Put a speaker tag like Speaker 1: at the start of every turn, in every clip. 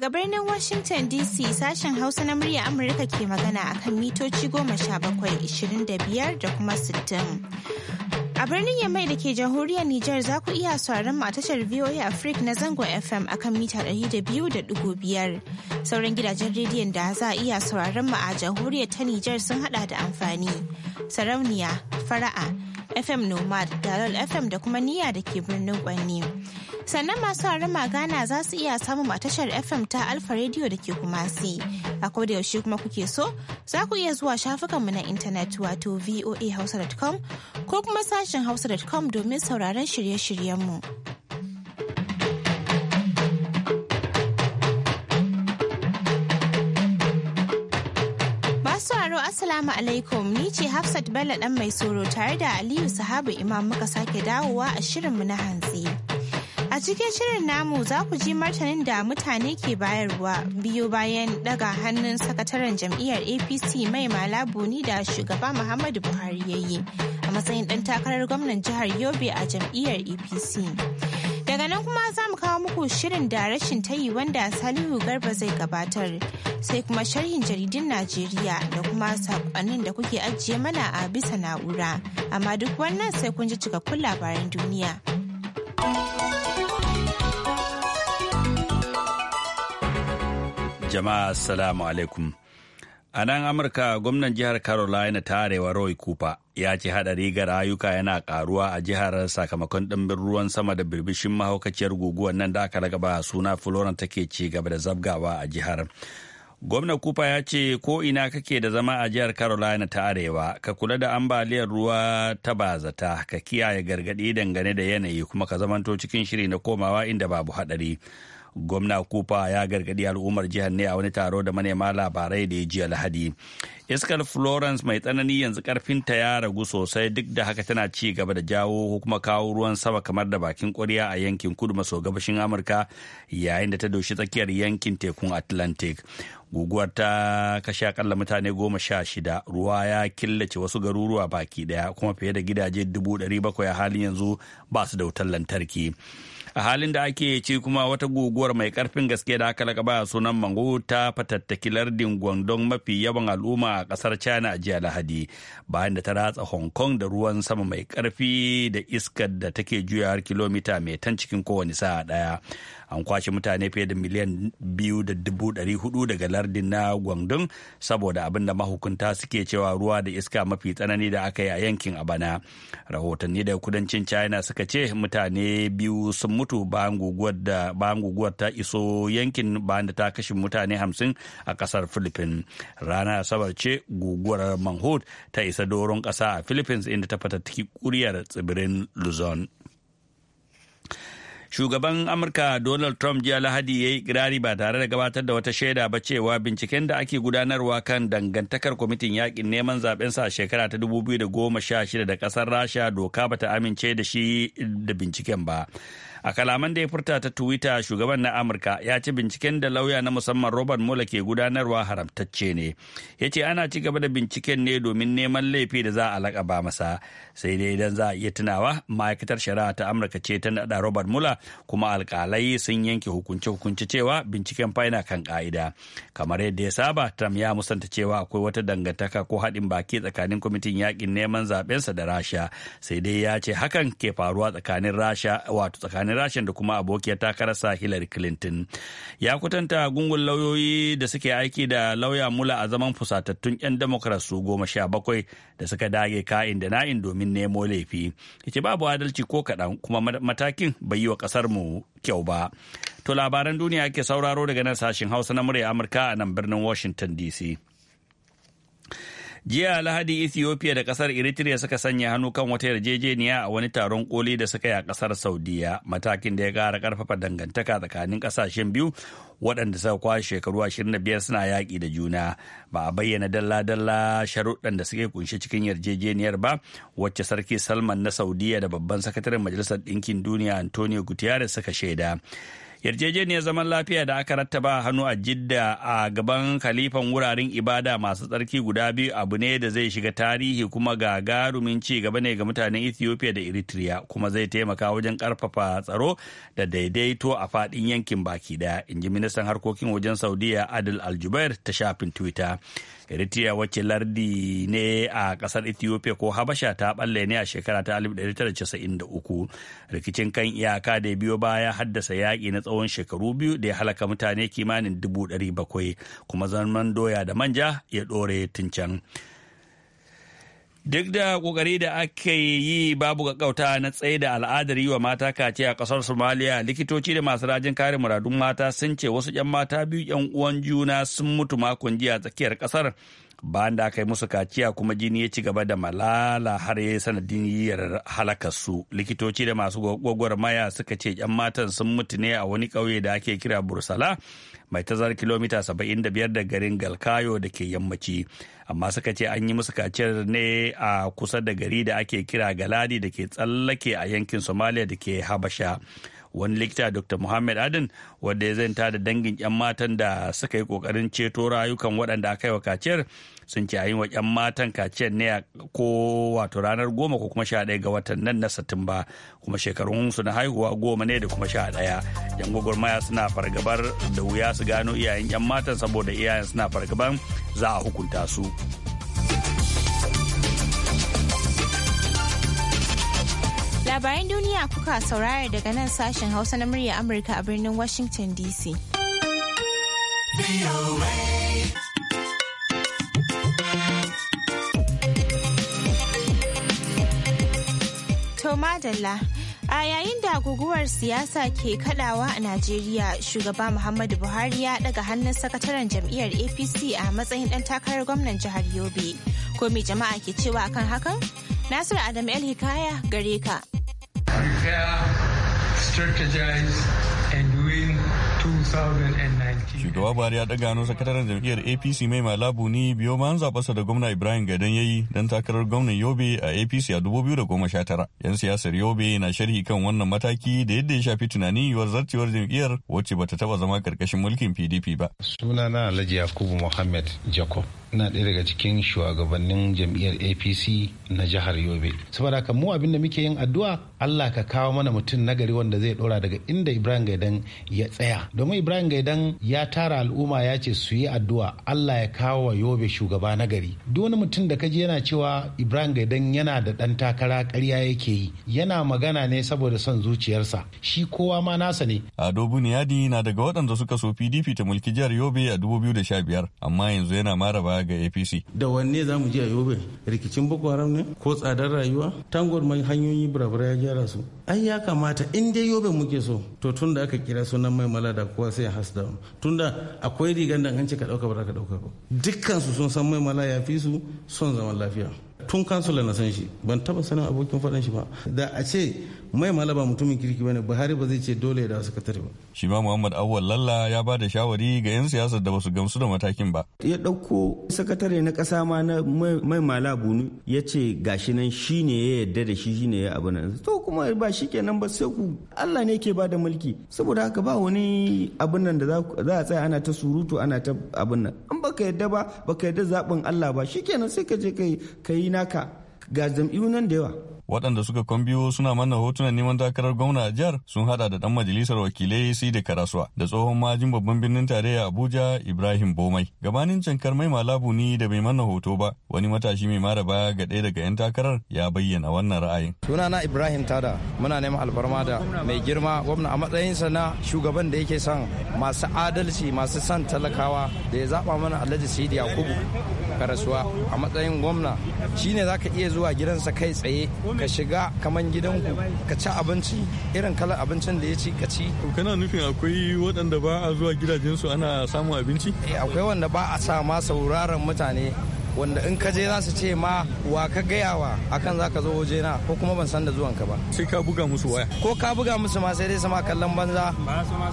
Speaker 1: Daga birnin Washington DC sashen Hausa na murya Amurka ke magana akan mitoci goma sha bakwai ishirin da biyar da kuma sittin. A birnin Yamai da ke jamhuriyar Nijar za ku iya sauraron mu a tashar VOA Africa na zango FM akan mita ɗari da 200.5. Sauran gidajen rediyon da za a iya sauraron mu a jamhuriyar ta Nijar sun hada da amfani. Sarauniya, fara'a, FM Nomad, Dalol FM da kuma Niyya da ke birnin Kwanne. Sannan masu harama Ghana za su iya samun a tashar FM ta Alfa Radio da ke Kumasi. A da yaushe kuma kuke so, za ku iya zuwa shafukanmu na intanet wato voahausa.com ko kuma sashen hausa.com domin sauraron shirye-shiryenmu. Masu aro Assalamu alaikum ni ce Hafsat Bello dan mai soro tare da Aliyu Sahabu Imam muka sake dawowa a shirin mu na hantsi. A cikin shirin namu za ku ji martanin da mutane ke bayarwa biyo bayan daga hannun sakataren jam'iyyar APC mai malabu ni da shugaba Muhammadu Buhari yayi a matsayin dan takarar gwamnan jihar Yobe a jam'iyyar APC. nan kuma za mu kawo muku shirin da rashin tayi wanda salihu garba zai gabatar sai kuma sharhin jaridun najeriya da kuma sakonnin da kuke ajiye mana a bisa na'ura amma duk wannan sai kun ji cikakkun labaran duniya
Speaker 2: jama'a salamu alaikum A nan Amurka gwamnan jihar Carolina ta arewa Roy Cooper ya ce haɗari ga rayuka yana ƙaruwa a jihar sakamakon ɗimbin ruwan sama da birbishin mahaukaciyar guguwar nan da aka ragaba suna Florence take ci gaba da zabgawa a jihar. Gwamnan Cooper ya ce ko ina kake da zama a jihar Carolina ta arewa ka kula da ambaliyar ruwa ta bazata ka kiyaye gargaɗi dangane da yanayi kuma ka zamanto cikin shiri na komawa inda babu haɗari. gwamna kufa ya gargadi al'ummar jihar ne a wani taro da manema labarai da ya ji lahadi iskar florence mai tsanani yanzu karfinta ya ragu sosai duk da haka tana ci gaba da jawo ko kuma kawo ruwan sama kamar da bakin kwarya a yankin kudu maso gabashin amurka yayin da ta doshi tsakiyar yankin tekun atlantic guguwar ta kashe akalla mutane goma sha shida ruwa ya killace wasu garuruwa baki daya kuma fiye da gidaje dubu dari bakwai a halin yanzu ba su da wutar lantarki a halin da ake ci kuma wata guguwar mai karfin gaske da aka lakaba a sunan mango ta fatattaki lardin gwandon mafi yawan al'umma a kasar china a jiya lahadi bayan da ta ratsa hong kong da ruwan sama mai karfi da iskar da take juyawar kilomita mai tan cikin kowane sa'a daya an kwashe mutane fiye da miliyan biyu da dubu ɗari hudu daga lardin na gwangdon saboda abin da mahukunta suke cewa ruwa da iska mafi tsanani da aka yi a yankin a bana rahotanni da kudancin china suka ce mutane biyu sun mutu bayan guguwar ta iso yankin bayan da ta kashe mutane hamsin a kasar philippines ranar asabar ce guguwar manhood ta isa doron kasa a philippines inda ta fatattaki kuriyar tsibirin luzon shugaban amurka donald trump jiya lahadi ya yi kirari ba tare da gabatar da wata shaida ba cewa binciken da ake gudanarwa kan dangantakar kwamitin yakin neman zaben sa shekara ta 2016 da kasar rasha doka bata amince da shi da binciken ba a kalaman da ya furta ta twitter shugaban na amurka ya ce binciken da lauya na musamman robert mueller ke gudanarwa haramtacce ne ya ce ana ci gaba da binciken ne domin neman laifi da za a lakaba masa sai dai idan za a iya tunawa ma'aikatar shari'a ta amurka ce ta naɗa robert mueller kuma alkalai sun yanke hukunce-hukunce cewa binciken fa yana kan ka'ida kamar yadda ya saba trump ya musanta cewa akwai wata dangantaka ko haɗin baki tsakanin kwamitin yakin neman sa da rasha sai dai ya ce hakan ke faruwa tsakanin rasha wato tsakanin tsakanin rashin da kuma abokiyar takararsa hillary clinton ya kwatanta gungun lauyoyi da suke aiki da lauya mula a zaman fusatattun 'yan democrat su goma sha bakwai da suka dage ka'in da na'in domin nemo laifi yace babu adalci ko kaɗan kuma matakin bai yi wa ƙasar mu kyau ba to labaran duniya ke sauraro daga nan sashen hausa na murya amurka a nan birnin washington dc jiya lahadi ethiopia da kasar eritrea suka sanya hannu kan wata yarjejeniya a wani taron koli da suka yi a kasar saudiya matakin da ya kara karfafa dangantaka tsakanin kasashen biyu waɗanda suka kwashe shekaru 25 suna yaƙi da juna ba a bayyana dalla-dalla sharuɗan da suke kunshi cikin yarjejeniyar ba wacce sarki salman na saudiya da babban sakataren majalisar ɗinkin duniya antonio guterres suka shaida yarjejeniyar zaman lafiya da aka rattaba hannu a jidda a gaban khalifan wuraren ibada masu tsarki guda biyu abu ne da zai shiga tarihi kuma ga garumin ci gaba ne ga mutanen ethiopia da eritrea kuma zai taimaka wajen karfafa tsaro da daidaito a fadin yankin baki daya in ji ministan harkokin wajen saudiya adil aljubair ta shafin twitter Eritrea wacce lardi ne a kasar Ethiopia ko Habasha ta balle ne a shekara ta 1993. Rikicin kan iyaka da biyo baya haddasa yaƙi na tsawon shekaru biyu da ya halaka mutane kimanin 700 kuma zaman doya da manja ya ɗore tun can. Duk da kokari da aka yi babu gaggauta na tsaye da al'adar yi wa mata kace a ƙasar Somalia likitoci da masu rajin kare muradun mata sun ce wasu 'yan mata biyu 'yan uwan juna sun mutu makon jiya tsakiyar ƙasar. bayan da aka yi musu kaciya kuma jini ya ci gaba da malala har ya yi sanadin yiyar halakarsu likitoci da masu maya suka ce 'yan matan sun mutu ne a wani ƙauye da ake kira bursala mai tazar kilomita 75 da garin galkayo da ke yammaci amma suka ce an yi musu kaciyar ne a kusa da gari da ake kira galadi da ke tsallake a yankin somalia da ke habasha wani likita dr muhammad adin wanda ya zanta da dangin 'yan matan da suka yi kokarin ceto rayukan waɗanda aka yi wa kaciyar sun ce a yi wa 'yan matan kaciyar ne ko wato ranar goma ko kuma sha ɗaya ga watan nan na satumba kuma shekarun su na haihuwa goma ne da kuma sha ɗaya yan gwagwarmaya suna fargabar da wuya su gano iyayen 'yan matan saboda iyayen suna fargaban za a hukunta su
Speaker 1: Labaran duniya kuka saurara daga nan sashen Hausa na murya Amurka a birnin Washington DC. To madalla. A yayin da guguwar siyasa ke kadawa a Najeriya, shugaba Muhammadu Buhari ya daga hannun sakataren jam'iyyar APC a matsayin ɗan takarar gwamnan jihar Yobe. komi jama'a ke cewa kan hakan? Nasiru Adam El Hikaya gare ka.
Speaker 3: prepare, strategize,
Speaker 4: Shugaba Buhari ya daga hannun sakataren jam'iyyar APC mai malabu ni biyo ma an da gwamna Ibrahim Gadon yayi don takarar gwamnan Yobe a APC a goma sha tara Yan siyasar Yobe na sharhi kan wannan mataki da yadda ya shafi tunani yiwuwar zartewar jam'iyyar wacce bata taɓa zama karkashin mulkin PDP ba.
Speaker 5: Sunana Alhaji Yakubu mohammed Jacob. na ɗaya daga cikin shugabannin jam'iyyar apc na jihar yobe saboda haka mu abinda muke yin addu'a allah ka kawo mana mutum nagari wanda zai ɗora daga inda ibrahim gaidan ya tsaya domin ibrahim gaidan ya tara al'umma ya ce su yi addu'a allah ya kawo wa yobe shugaba nagari duk wani mutum da kaji yana cewa ibrahim gaidan yana da ɗan takara karya yake yi yana magana ne saboda son zuciyarsa shi kowa ma nasa ne
Speaker 4: ado buniyadi na daga waɗanda suka so pdp ta mulki jihar yobe a 2015 amma yanzu yana mara baya ga apc
Speaker 6: da wanne za mu je a yobe rikicin boko haram ne ko tsadar rayuwa tangor mai hanyoyi burabura ya gyara su ai ya kamata in dai yobe muke so to tun da aka kira sunan mai mala da kowa sai has da tun da akwai rigan da ka ɗauka ba za ka dauka ba dukkansu sun san mai mala ya fi su son zaman lafiya tun kansula na san shi ban taba sanin abokin faɗan shi ba da a ce mai malaba mutumin kirki bane buhari ba zai ce dole da wasu katare ba
Speaker 4: shi ma muhammad awwal lalla ya ba da shawari ga yan siyasa da basu gamsu da matakin ba ya
Speaker 2: dauko sakatare na kasa ma na mai malabu ya ce gashi nan shi ne ya yarda da shi shine ya abu nan to kuma ba shi kenan ba sai ku allah ne ke ba da mulki saboda haka ba wani abin nan da za a tsaya ana ta surutu ana ta abin nan in baka yarda ba baka yarda zabin allah ba shi kenan sai ka je kai yi naka ga jam'iyyu nan da yawa
Speaker 4: waɗanda suka kwambiyo suna manna hotunan neman takarar gwamna a jihar sun hada da dan majalisar wakilai sidi karasuwa da tsohon majin babban birnin tarayya abuja ibrahim bomai gabanin cankar mai malabu ni da bai manna hoto ba wani matashi mai mara baya ga ɗaya daga 'yan takarar ya bayyana wannan ra'ayin
Speaker 2: suna na ibrahim tada muna neman alfarma da mai girma gwamna a matsayinsa na shugaban da yake son masu adalci masu son talakawa da ya zaba mana alhaji sidi yakubu karasuwa a matsayin gwamna shine zaka iya zuwa gidansa kai tsaye ka shiga kaman gidanku ka ci abinci irin kalar abincin da ya ci ka ci kana nufin akwai waɗanda ba a zuwa gidajensu ana samun abinci Eh, akwai wanda ba a sa ma sauraron mutane wanda in ka je za su ce ma wa ka gaya gayawa akan za ka zo waje na ko kuma ban san da zuwanka ba
Speaker 4: sai ka buga musu waya
Speaker 2: ko ka buga musu ma sai dai sama kallon banza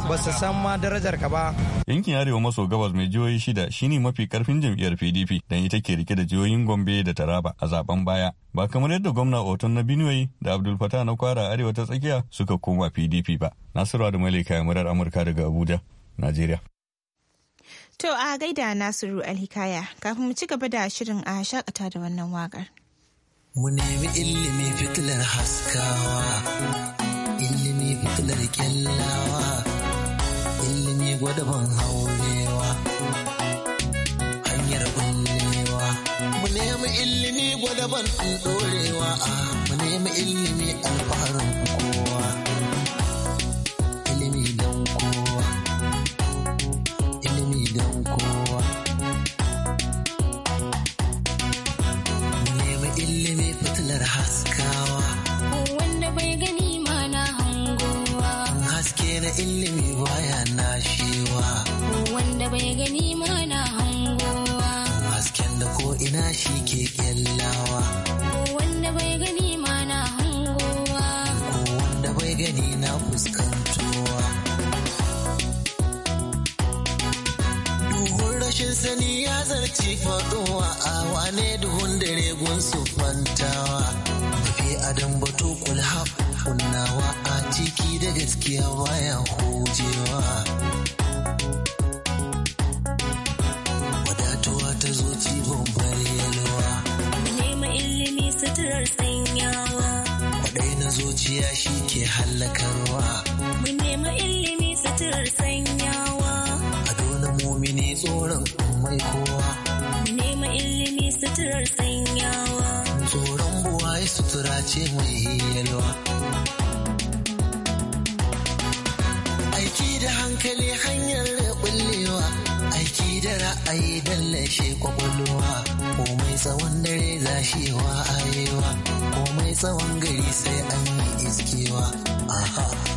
Speaker 2: ba su san ma darajar ka ba
Speaker 4: yankin arewa maso gabas mai jihohi shida shine mafi karfin jam'iyyar pdp dan ita ke rike da jihohin gombe da taraba a zaben baya ba kamar yadda gwamna oton na benue da abdul fatah na kwara arewa ta tsakiya suka koma pdp ba nasiru da malika murar amurka daga abuja najeriya
Speaker 1: To a gaida Nasiru Alhikaya kafin mu ci gaba da shirin a shakata da wannan wakar.
Speaker 3: Mu nemi ilimi fitilar haskawa, ilimi fitilar kyallawa, ilimi gwadabon haurewa, hanyar bullewa. Mu nemi ilimi gwadabon ɗorewa, mu nemi ilimi alfaharin kowa. zuciya shi ke hallakarwa.
Speaker 1: Mun nemi ilimi suturar sanyawa. A
Speaker 3: dole mumini tsoron mai kowa.
Speaker 1: Mun nemi
Speaker 3: ilimi suturar sanyawa. Tsoron buwaye sutura ce mai yalwa. Aiki da hankali hanyar kullewa, Aiki da ra'ayi dallashe kwakwalwa. Komai tsawon dare zashewa arewa. tsawon gari sai an yi iskewa aha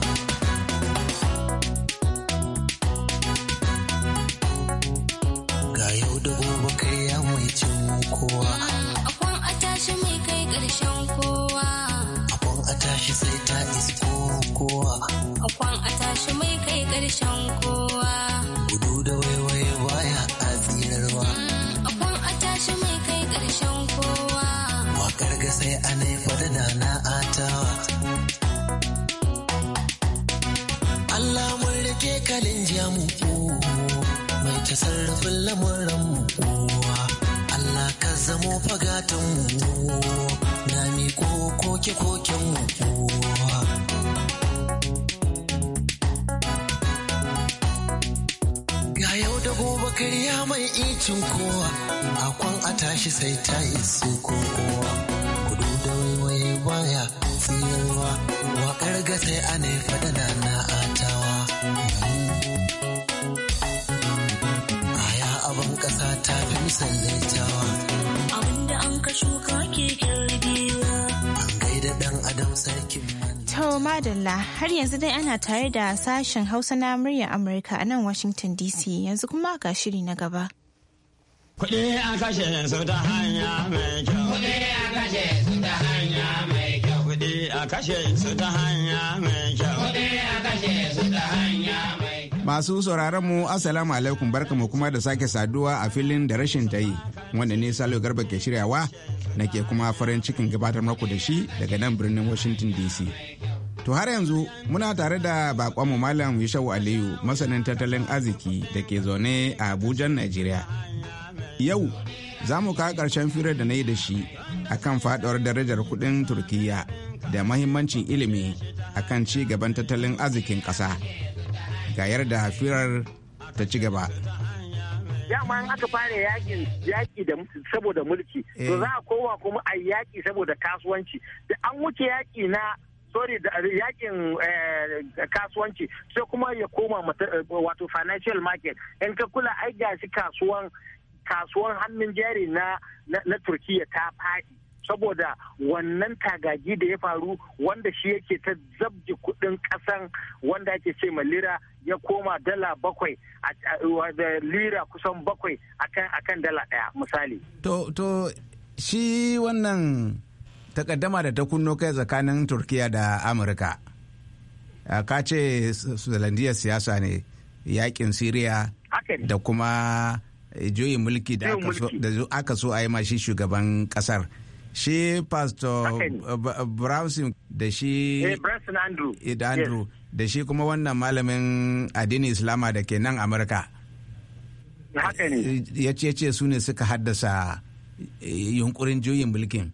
Speaker 3: anai anai na atawa Allah mun rike kalin jamu mai tasarrafin lamuran mu Allah ka zamo fagatan mu na miko koke koken mu ga yau da gobe karya mai icin kowa akwan a tashi sai ta isu kowa baya siyarwa waƙar gasa a ne fadana na atawa aya abin ƙasa ta fi misallaitawa abinda an ka shuka ke girbewa an gaida ɗan adam sarkin
Speaker 1: To Madalla har yanzu dai ana tare da sashen Hausa na muryar Amurka a nan Washington DC yanzu kuma ga shiri na gaba.
Speaker 3: Kuɗi a kashe su ta hanya mai kyau. Kuɗi a kashe su ta hanya mai kashe su ta hanya mai kyau.
Speaker 6: Masu sauraron mu Assalamu alaikum barkamu kuma da sake saduwa a filin da rashin ta yi wanda ne Salo Garba ke shiryawa na ke kuma farin cikin gabatar maku da shi daga nan birnin Washington DC. To har yanzu muna tare da bakonmu Malam Yishawu Aliyu masanin tattalin arziki da ke zaune a Abuja, Najeriya. Yau za mu kawo ƙarshen firar da na yi da shi a kan faɗuwar darajar kuɗin turkiyya da mahimmancin ilimi akan ci gaban tattalin arzikin ƙasa ga yarda firar ta ci gaba
Speaker 7: in aka fara yakin yaki da saboda mulki to eh. za a kowa kuma a yaki saboda kasuwanci da an wuce yaki na sorry da yakin eh, kasuwanci sai kuma ya koma eh, wato financial market in ka kula ai gashi kasuwan kasuwar hannun jari na na turkiya ta faɗi saboda wannan tagagi da ya faru wanda shi yake ta zabji kudin kasan wanda ake ce ma lira ya koma dala bakwai lira kusan bakwai akan dala daya misali to
Speaker 6: to shi wannan takaddama da ta kunno kai tsakanin turkiya da amurka ka ce siyasa ne yakin siriya da kuma juyin mulki da aka so a yi ma shi shugaban kasar shi pastor brownson da shi eh,
Speaker 7: eh, da andrew
Speaker 6: da shi kuma wannan malamin addini islama da ke nan amurka eh, ya ce su ne suka haddasa yunkurin juyin mulkin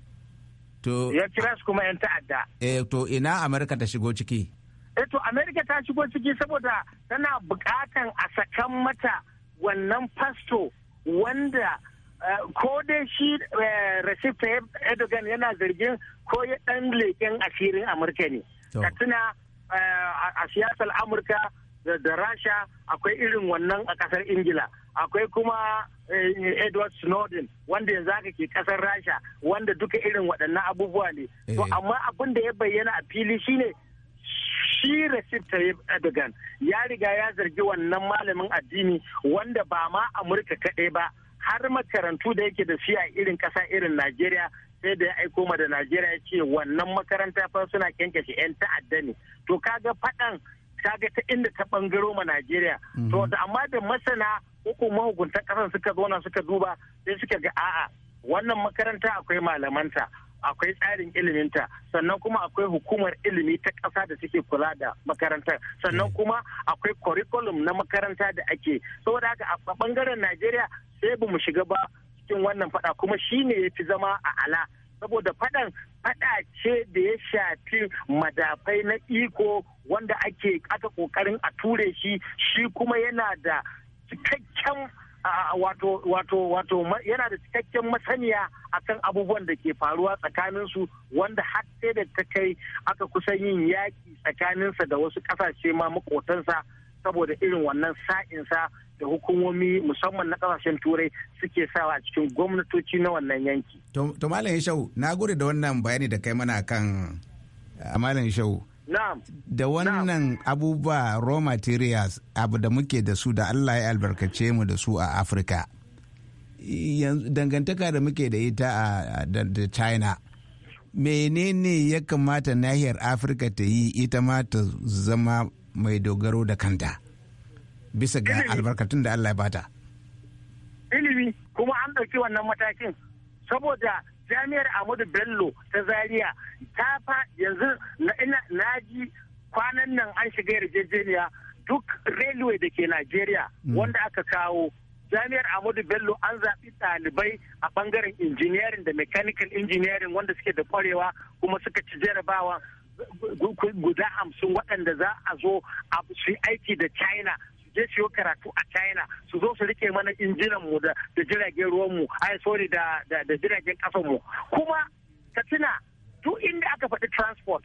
Speaker 6: to ya
Speaker 7: kira su kuma yan ta'adda
Speaker 6: eh to ina amurka ta shigo ciki
Speaker 7: eh to amurka ta shigo ciki saboda tana bukatan a sakan mata wannan fasto wanda eh, ko dai shi eh, Recep edogan yana zargin ko ya ɗan leƙen asirin Amurka ne. Ka tuna eh, a siyasar Amurka da Rasha akwai irin wannan a kasar Ingila. Akwai kuma Edward Snowden wanda yanzu haka ke kasar Rasha wanda duka irin waɗannan abubuwa ne. To amma abin da ya bayyana a fili shine shi Recep Tayyip Erdogan ya riga ya zargi wannan malamin addini wanda ba ma Amurka kaɗai ba har makarantu da yake da shi a irin ƙasa irin Najeriya sai da ya aiko ma da Najeriya ya ce wannan makaranta fa suna kyankyashe 'yan ta'adda ne. To kaga faɗan kaga ta inda ta ɓangaro ma Najeriya. Mhm. To da amma da masana uku mahukuntan ƙasar suka zauna suka duba sai suka ga a'a wannan makaranta akwai malamanta akwai tsarin iliminta sannan kuma akwai hukumar ilimi ta ƙasa da suke kula da makarantar sannan hmm. kuma akwai curriculum na makaranta da ake saboda haka a bangaren najeriya sai ba mu shiga ba cikin wannan fada kuma shine ya fi zama a ala saboda fadan fada ce da ya shafi madafai na iko wanda ake aka kokarin a ture shi shi kuma yana da cikakken wato wato yana da cikakken masaniya a kan abubuwan da ke faruwa tsakaninsu wanda har sai da ta kai aka kusan yin yaki tsakaninsa da wasu kasashe ma makotansa saboda irin wannan sa'insa da hukumomi musamman na kasashen turai suke sawa a cikin gwamnatoci na wannan yanki.
Speaker 6: To Malam Shau, na gode da wannan bayani da kai mana kan Malam Shau. da wannan abubuwa raw materials abu da muke da su da Allah ya albarkace mu da su a Afirka. Dangantaka da muke da ita da China. Menene ya kamata nahiyar Afirka ta yi ita ma ta zama mai dogaro da kanta bisa ga albarkatun da Allah ya bata.
Speaker 7: Ilimi kuma an ɗauki wannan matakin saboda jami'ar Ahmadu Bello ta Zaria ta fa yanzu na ji kwanan nan an shiga yarjejeniya duk railway da ke Najeriya mm. wanda aka kawo jami'ar Ahmadu Bello an zaɓi ɗalibai a ɓangaren engineering da mechanical engineering wanda suke da kwarewa kuma suka ci jarabawa guda hamsin waɗanda za a zo a su aiki da China je siyo karatu a china su zo su rike mana injinan mu da jiragen ruwan mu ai sorry da da jiragen kasan mu kuma ka tuna duk inda aka faɗi transport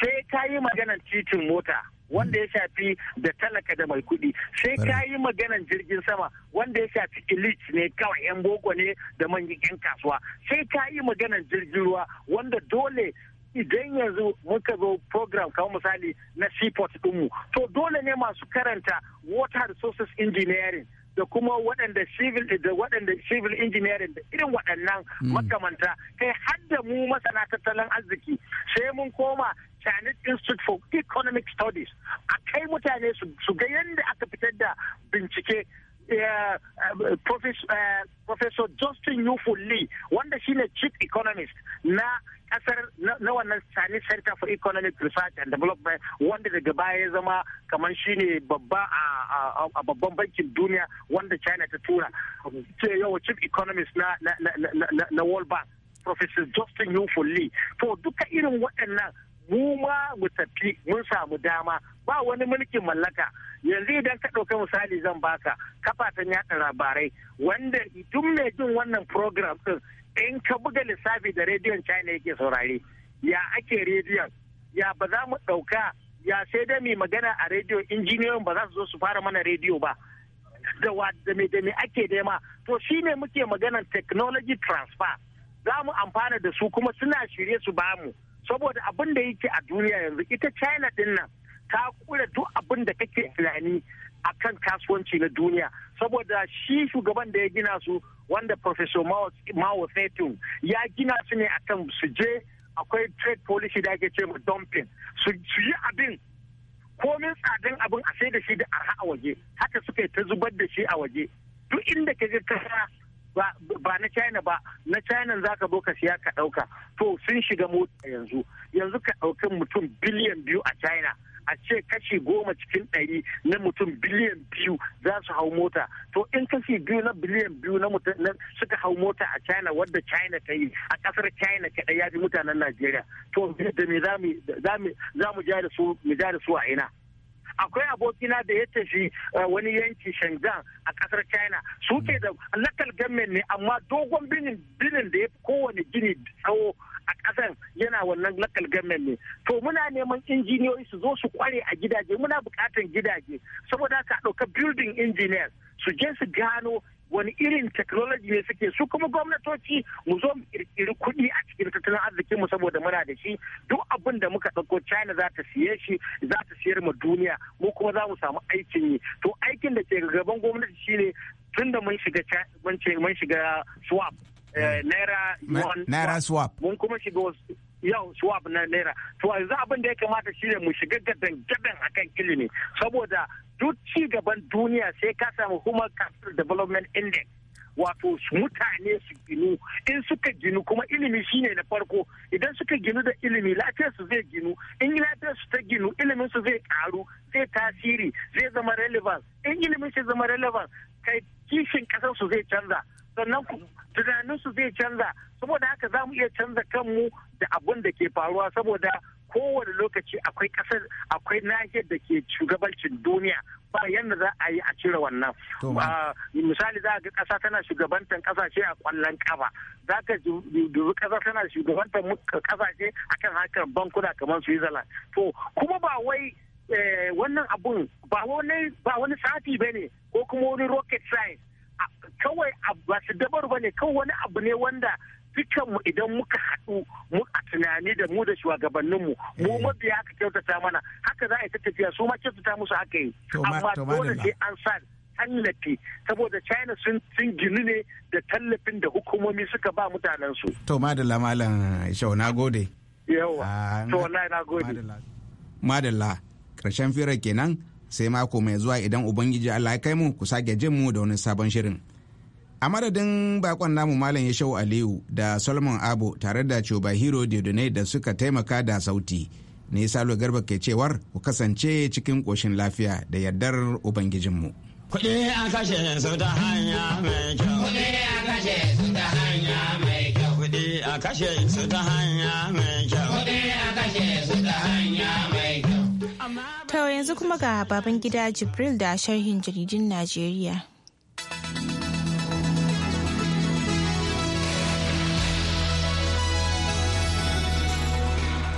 Speaker 7: sai ka yi maganan titin mota wanda ya shafi da talaka da mai kuɗi sai ka yi maganan jirgin sama wanda ya shafi elite ne kawai yan boko ne da manyan kasuwa sai ka yi maganan jirgin ruwa wanda dole idan yanzu muka zo program kawo misali na seaport dinmu to dole ne masu karanta water resources engineering da kuma waɗanda civil da waɗanda civil engineering da irin waɗannan hmm. makamanta kai har da mu masana tattalin arziki sai mun koma Chinese Institute for Economic Studies a kai mutane su ga yadda aka fitar da bincike Uh, uh, professor Justin Lee, wanda shine chief economist na kasar na wannan Sani Center for Economic Research and Development wanda daga baya ya zama kamar shine ne a babban bankin duniya wanda China ta tura. Um, yau chief economist na World Bank. Professor Justin Lee. To duka irin waɗannan mu ma mu tafi mun samu dama ba wani mulkin mallaka yanzu idan ka ɗauka misali zan baka kafafen yaɗa labarai wanda tun mai jin wannan program ɗin in ka buga lissafi da rediyon china yake saurare ya ake rediyon ya ba za mu ɗauka ya sai dai mai magana a rediyo injiniyoyin ba za su zo su fara mana rediyo ba da me da me ake nema to shine muke maganar technology transfer za mu amfana da su kuma suna shirye su bamu saboda abin da yake a duniya yanzu ita china din nan ta kura duk abin da kake tunani a kan kasuwanci na duniya saboda shi shugaban da ya gina su wanda professor mao zedong ya gina su ne akan su je akwai trade policy da ake ce ma dumping su yi abin komin tsadan abin a sai da shi da arha a waje haka suka yi ta zubar da shi a waje duk inda ka ga kasa ba na china ba na china za ka zo ka siya ka ɗauka to sun shiga mota yanzu yanzu ka ɗauki mutum biliyan biyu a china a ce kashi goma cikin ɗari na mutum biliyan biyu za su hau mota to in kashi biyu na biliyan biyu na mutum suka hau mota a china wadda china ta yi a ƙasar china kaɗai ya fi mutanen najeriya to da me za mu ja da su a ina akwai abokina da ya tafi eh, wani yanki shenzhen a kasar china suke da local gamen ne amma dogon binin da ya fi kowane gini tsawo a kasar yana wannan lakal gamen ne to muna neman injiniyoyi su zo su kware a gidaje muna bukatan gidaje saboda ka ɗauka building engineers su je su gano wani irin technology ne suke su kuma gwamnatoci mu zo mu kirkiri kuɗi a cikin tattalin arzikin mu saboda muna da shi duk abin da muka ɗauko China za ta siye shi za ta siyar ma duniya mu kuma za mu samu aikin yi to aikin da ke gaban gwamnati shine tun da mun shiga mun shiga swap eh, naira naira swap mun kuma shiga yau swap na naira to yanzu abin da ya kamata shine mu shiga gadan gadan akan ilimi saboda duk ci gaban duniya sai ka samu human capital development index wato mutane su ginu in suka ginu kuma ilimi shine na farko idan suka ginu da ilimi lafiyar su zai ginu in lafiyar su ta ginu ilimin su zai karu zai tasiri zai zama relevant in ilimin su zama relevant kai kishin kasar su zai canza sannan tunaninsu zai canza saboda haka za mu iya canza kanmu da abun da ke faruwa saboda kowane lokaci akwai kasar akwai nahiyar da ke shugabancin duniya ba yadda za a yi a cire wannan ah, misali za a ga kasa tana shugabantar kasashe a kwallon kafa za ka dubi kasa tana shugabantar kasashe a kan hakan bankuna kamar switzerland to kuma ba wai eh, wannan abun ba wani sati ba ne ko kuma wani rocket science kawai ba su dabar ba ne kawai wani abu ne wanda mu idan muka haɗu a tunani da mu da shugabanninmu mu eh. mabiya aka kyautata mana haka za a yi ta tafiya su ma kyautata musu haka yi amma dole sai an sa tallafi saboda china sun gini ne da tallafin da hukumomi suka ba mutanensu.
Speaker 6: to madalla malam shau na gode
Speaker 7: yawa ah, to wallahi na gode
Speaker 6: madalla karshen firar kenan sai mako mai zuwa idan ubangiji allah ya kai mu ku sake jin mu da wani sabon shirin a madadin bakon namu malam yashau aliyu da solomon abu tare da chobahiro diodone da suka taimaka da sauti ne salo garba ke cewar ku kasance cikin ƙoshin lafiya da yardar ubangijinmu
Speaker 3: kuɗi a kashe su ta hanya mai kyau kuɗi a kashe su ta hanya mai kyau kuɗi a kashe su ta hanya mai kyau kuɗi a kashe su ta hanya mai kyau
Speaker 1: to yanzu kuma ga baban gida jibril da sharhin jaridun najeriya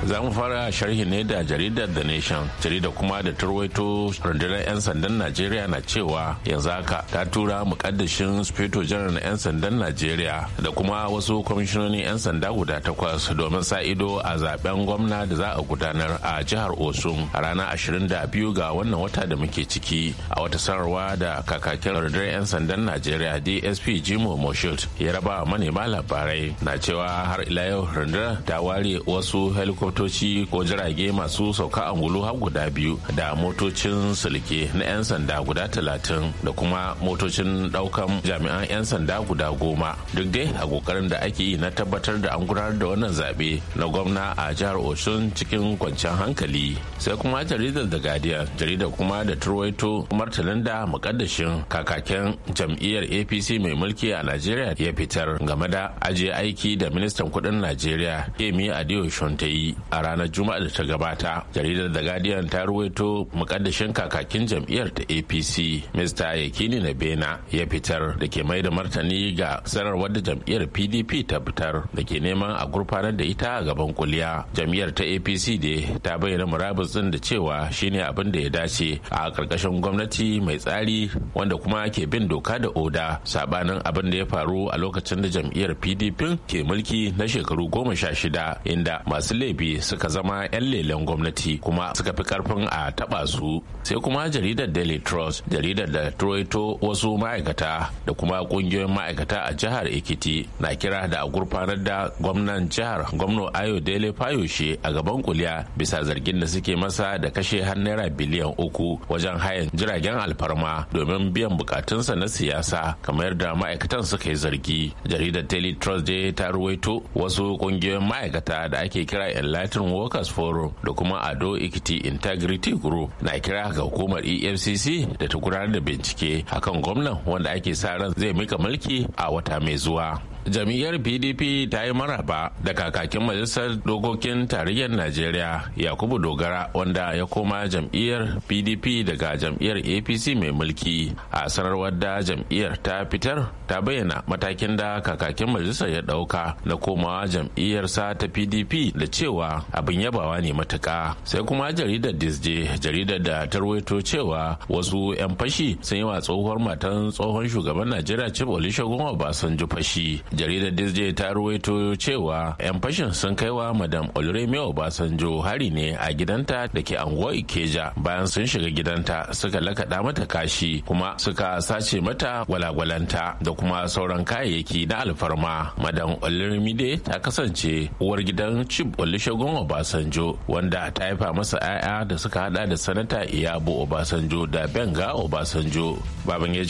Speaker 5: za mu fara sharhi ne da jaridar the nation jarida kuma da turwaito rundunar 'yan sandan najeriya na cewa yanzu haka ta tura mukaddashin speto janar 'yan sandan najeriya da kuma wasu kwamishinoni 'yan sanda guda takwas domin sa ido a zaben gwamna da za a gudanar a jihar osun a ranar 22 ga wannan wata da muke ciki a wata sanarwa da kakakin rundunar 'yan sandan najeriya dsp jimo moshood ya raba manema labarai na cewa har ila yau rundunar ta ware wasu helicopter motoci ko jirage masu sauka angulu har guda biyu da motocin sulke na 'yan sanda guda talatin da kuma motocin daukan jami'an 'yan sanda guda goma duk dai a kokarin da ake yi na tabbatar da an gudanar da wannan zaɓe na gwamna a jihar oshun cikin kwanciyar hankali sai kuma jaridar da guardian jaridar kuma da turwaito martanin da mukaddashin kakaken jam'iyyar apc mai mulki a najeriya ya fitar game da ajiye aiki da ministan kudin najeriya kemi adeoshun ta a ranar juma'a da ta gabata jaridar da guardian ta ruwaito mukaddashin kakakin jam'iyyar ta apc mr yakini na bena ya fitar da ke mai da martani ga sanarwar da jam'iyyar pdp ta fitar da ke neman a gurfanar da ita a gaban kuliya jam'iyyar ta apc da ta bayyana murabus din da cewa shine abin da ya dace a karkashin gwamnati mai tsari wanda kuma ke bin doka da oda sabanin abin da ya faru a lokacin da jam'iyyar pdp ke mulki na shekaru goma sha shida inda masu laifi suka zama 'yan lelen gwamnati kuma suka fi karfin a taba su sai kuma jaridar daily trust jaridar da troito wasu ma'aikata da kuma kungiyoyin ma'aikata a jihar ekiti na kira da a gurfanar da gwamnan jihar gwamno ayo dele fayoshe a gaban kuliya bisa zargin da suke masa da kashe har naira biliyan uku wajen hayan jiragen alfarma domin biyan bukatunsa na siyasa kamar da ma'aikatan suka yi zargi jaridar daily trust dai ta ruwaito wasu kungiyoyin ma'aikata da ake kira 'yan latin workers forum da kuma ado ikiti integrity group na kira ga hukumar efcc da ta gudanar da bincike akan gwamnan wanda ake sa ran zai mika mulki a wata mai zuwa jam'iyyar pdp ta yi maraba da kakakin majalisar dokokin tarayyar najeriya yakubu dogara wanda ya koma jam'iyyar pdp daga jam'iyyar apc mai mulki a sanarwar da jam'iyyar ta fitar ta bayyana matakin da kakakin majalisar ya dauka na komawa jam'iyyarsa ta pdp da cewa abin yabawa ne matuka sai kuma jaridar disje jaridar da ta rawaito cewa wasu 'yan fashi sun yi wa tsohuwar matan tsohon shugaban najeriya cib olusegun obasanjo fashi jaridar disney ta ruwaito cewa 'yan fashin sun kai wa madam olremi obasanjo hari ne a gidanta da ke anguwa ikeja bayan sun shiga gidanta suka lakaɗa mata kashi kuma suka sace mata gwalagwalanta da kuma sauran kayayyaki na alfarma madam olremi dai ta kasance uwar gidan chief olusegun obasanjo wanda ta haifa masa 'ya'ya da suka hada da sanata iyabo obasanjo da benga obasanjo baban ya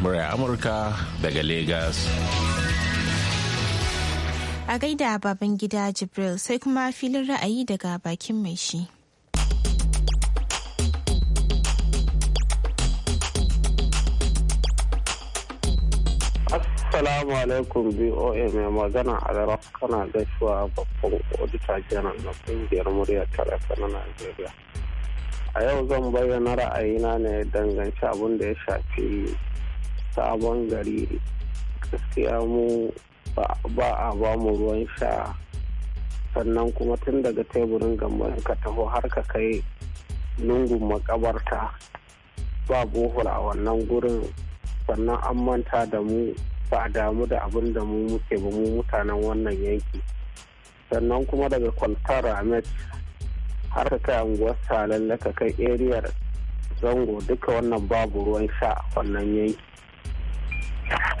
Speaker 5: murai amurka daga lagos
Speaker 1: A gaida baban gida Jibril sai kuma filin ra'ayi daga bakin mai shi.
Speaker 5: Assalamu alaikum bom mai
Speaker 7: magana a zarar kana gaisuwa babban odita janar na kungiyar murya talaka na Najeriya. A yau zan bayyana ra'ayina ne danganci abin da ya shafi sabon gari gaskiya mu ba a ba mu ruwan sha sannan kuma tun daga teburin gamban ka taho har ka kai lungun makabarta ba bohol a wannan gurin sannan an manta da mu ba a damu da abin da mu muke ba mu mutanen wannan yanki sannan kuma daga kwaltar ramet har ka kai anguwar salalla ka kai eriyar zango duka wannan babu ruwan sha a wannan yanki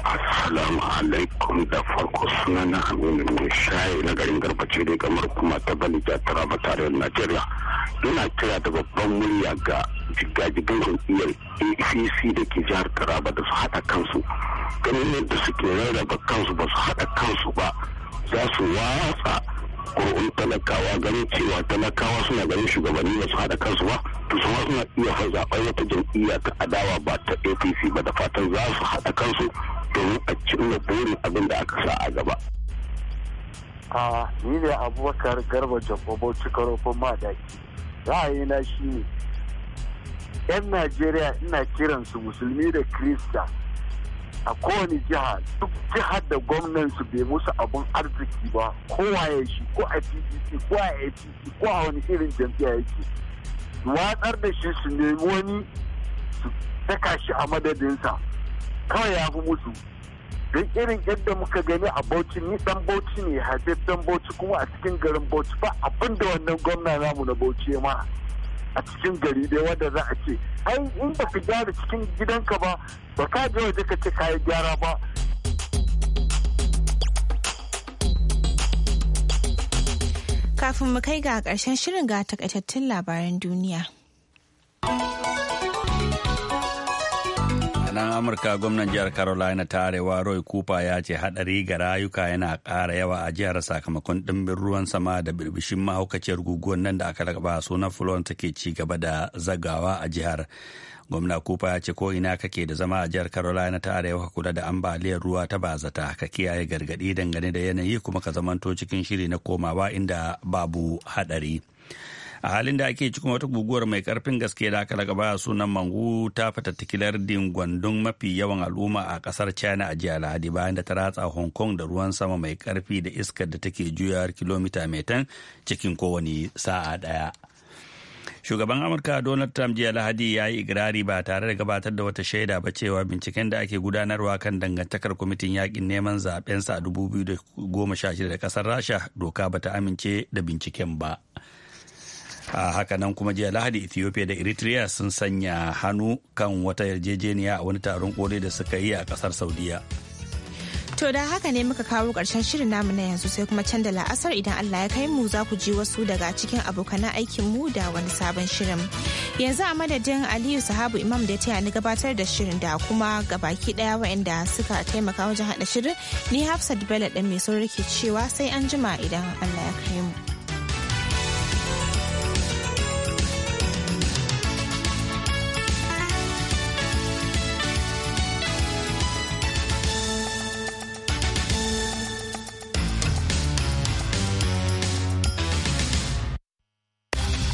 Speaker 7: Assalamu alaikum da farko suna na Aminu mai shayi na garin garbace da kamar kuma ta bani jatara ba da Najeriya. Yana kira da babban murya ga jigajigan jam'iyyar ACC da ke jihar Taraba da su haɗa kansu. Ganin yadda suke rarraba kansu ba su haɗa kansu ba za su watsa ƙuri'un talakawa ganin cewa talakawa suna ganin shugabanni ba su haɗa kansu ba to su suna iya zaɓar wata jam'iyya ta adawa ba ta apc ba da fatan za su haɗa kansu domin a cimma burin abin da aka sa a gaba. a ni ne abubakar garba jambobo cikarofin madaki ra'ayina shi ne 'yan najeriya ina kiransu musulmi da kirista a kowane jiha duk jihar da gwamnan su bai musu abun arziki ba kowaye shi ko a pdp ko a apc ko a wani irin jam'iyya yake watsar da shi su nemi wani su saka shi a madadinsa kawai ya fi musu don irin yadda muka gani a bauchi ni dan bauchi ne dan bauchi kuma a cikin garin bauchi ba abin da wannan gwamna namu na bauchi ma a cikin gari dai wanda za a ce ai in ba ka gyara cikin gidanka ba ba ka biyo wa ka ce kayan gyara ba
Speaker 1: kafin mu kai ga ƙarshen shirin ga takaitattun labaran duniya.
Speaker 2: nan amurka gwamnan jihar carolina ta arewa roy cooper ya ce hadari ga rayuka yana ƙara yawa a jihar sakamakon ɗimbin ruwan sama da birbishin mahaukaciyar guguwar nan da aka lakaba sunan florence take ci gaba da zagawa a jihar gwamna kufa ya ce ko ina kake da zama a jihar carolina ta arewa ka kula da ambaliyar ruwa ta bazata ka kiyaye gargadi dangane da yanayi kuma ka zamanto cikin shiri na komawa inda babu hadari a halin da ake cikin wata guguwar mai karfin gaske da aka baya sunan mangu ta tikilar din gwandun mafi yawan al'umma a kasar china a jiya lahadi bayan da ta ratsa hong kong da ruwan sama mai karfi da iskar da take juyawar kilomita metan cikin kowane sa'a daya shugaban amurka donald trump jiya lahadi ya yi igirari ba tare da gabatar da wata shaida ba cewa binciken da ake gudanarwa kan dangantakar kwamitin yakin neman zaɓensa a 2016 da kasar rasha doka ba ta amince da binciken ba a haka nan kuma jiya lahadi ethiopia da eritrea sun sanya hannu kan wata yarjejeniya a wani taron kore da suka yi a kasar saudiya
Speaker 1: To da haka ne muka kawo ƙarshen shirin namu na yanzu sai kuma can la'asar idan Allah ya kai mu za ku ji wasu daga cikin abokanan aikin mu da wani sabon shirin. Yanzu a madadin Aliyu Sahabu Imam da ta ni gabatar da shirin da kuma ga baki ɗaya waɗanda suka taimaka wajen haɗa shirin ni Hafsat Bello ɗan mai sauri ke cewa sai an jima idan Allah ya kai mu.